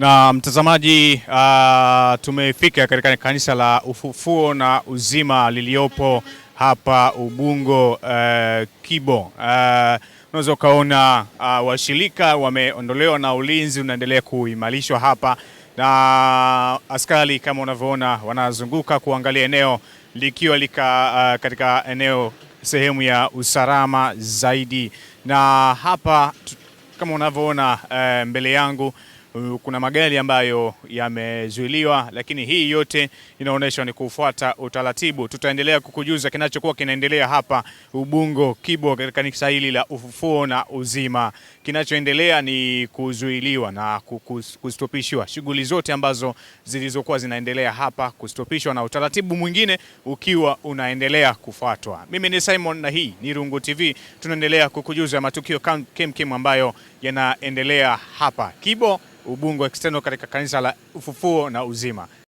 Na mtazamaji, uh, tumefika katika kanisa la Ufufuo na Uzima liliopo hapa Ubungo uh, Kibo. Uh, unaweza uh, ukaona uh, washirika wameondolewa na ulinzi unaendelea kuimarishwa hapa, na askari kama unavyoona wanazunguka kuangalia eneo likiwa lika, uh, katika eneo sehemu ya usalama zaidi, na hapa kama unavyoona uh, mbele yangu Uh, kuna magari ambayo yamezuiliwa, lakini hii yote inaonyeshwa ni kufuata utaratibu. Tutaendelea kukujuza kinachokuwa kinaendelea hapa Ubungo Kibo, katika kanisa hili la Ufufuo na Uzima. Kinachoendelea ni kuzuiliwa na kustopishwa shughuli zote ambazo zilizokuwa zinaendelea hapa, kustopishwa na utaratibu mwingine ukiwa unaendelea kufuatwa. Mimi ni Simon na hii ni Rungu TV, tunaendelea kukujuza matukio kemkem ambayo yanaendelea hapa Kibo Ubungo External katika kanisa la Ufufuo na Uzima.